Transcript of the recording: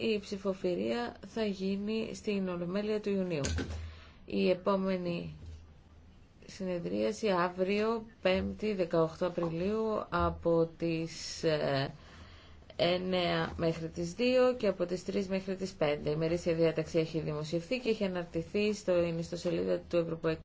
η ψηφοφορία θα γίνει στην Ολομέλεια του Ιουνίου. Η επόμενη συνεδρίαση αύριο, 5η 18 Απριλίου, από τις 9 ε, μέχρι τις 2 και από τις 3 μέχρι τις 5. Η μερίσια διάταξη έχει δημοσιευθεί και έχει αναρτηθεί στο ιστοσελίδα του Ευρωπαϊκού